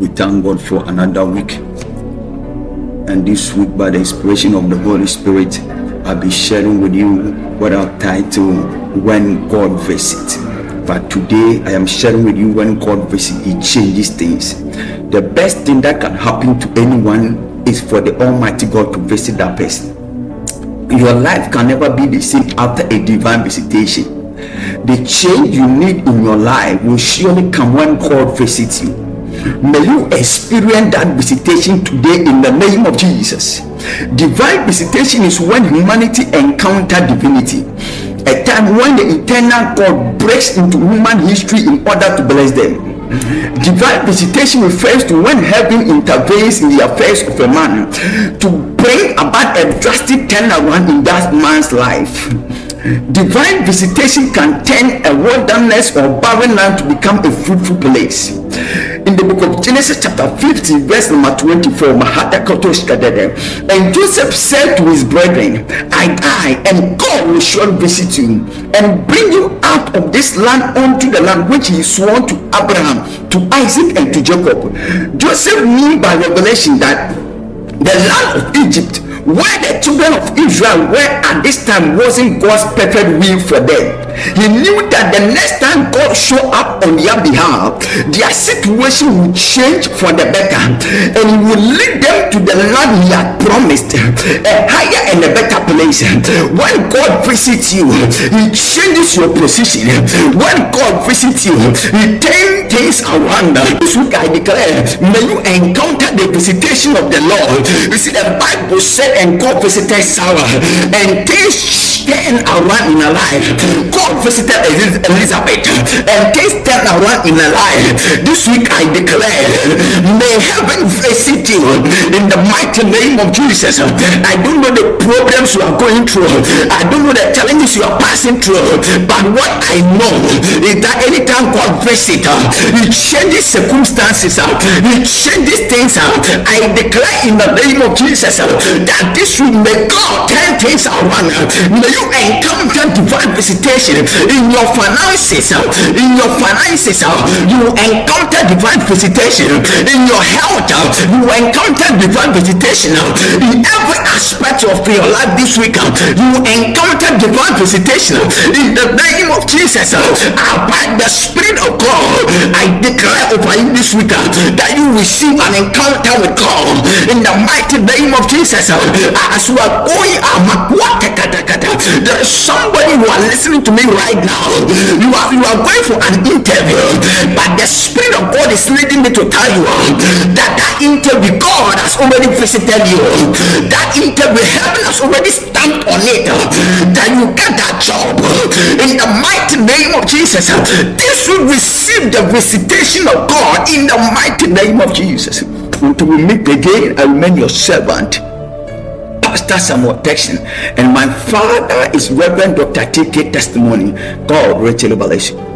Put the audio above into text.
We thank God for another week. And this week, by the inspiration of the Holy Spirit, I'll be sharing with you what I'll title When God Visits. But today, I am sharing with you when God visits, He changes things. The best thing that can happen to anyone is for the Almighty God to visit that person. Your life can never be the same after a divine visitation. The change you need in your life will surely come when God visits you. May you experience that visitation today in the name of Jesus. Divine visitation is when humanity encounters divinity. A time when the eternal God breaks into human history in order to bless them. Divine visitation refers to when heaven intervenes in the affairs of a man to bring about a drastic turnaround in that man's life. Divine visitation can turn a wilderness or barren land to become a fruitful place. in the book of Genesis chapter 50, verse number 24, and Joseph said to his brethren, I die, and God will surely visit you and bring you out of this land unto the land which he swore to Abraham, to Isaac, and to Jacob. Joseph knew by revelation that the land of Egypt, where the children of Israel were at this time, wasn't God's perfect will for them. He knew that the next time God show up on their behalf, their situation would change for the better, and He would lead them to the land He had promised, a higher and a better place. When God visits you, He changes your position. When God visits you, He turns things around. This week I declare, may you encounter the visitation of the Lord. You see, the Bible said, and God visited Sarah, and things turned around in her life. God visited Elizabeth and things turned around in her life. This week I declare, may heaven visit you in the mighty name of Jesus. I don't know the problems you are going through, I don't know the challenges you are passing through, but what I know is that anytime God visits, He changes circumstances, He changes things. I declare in the name of Jesus that this week may God turn things around. May you encounter divine visitation in your finances, in your finances, you encounter divine visitation in your health, you encounter divine visitation in every aspect of your life this week. You encounter divine visitation in the name of Jesus. Abide the spirit. I declare over you this week uh, that you receive an encounter with God in the mighty name of Jesus. Uh, as we are going out, uh, there is somebody who are listening to me right now. You are you are going for an interview, but the spirit of God is leading me to tell you that that interview God has already visited you. That interview heaven has already stamped on it. That you get that job in the name of Jesus. This will receive the visitation of God in the mighty name of Jesus. Until we meet again, I remain your servant. Pastor Samuel Texan and my father is Reverend Dr. T.K. Testimony. God richly bless you.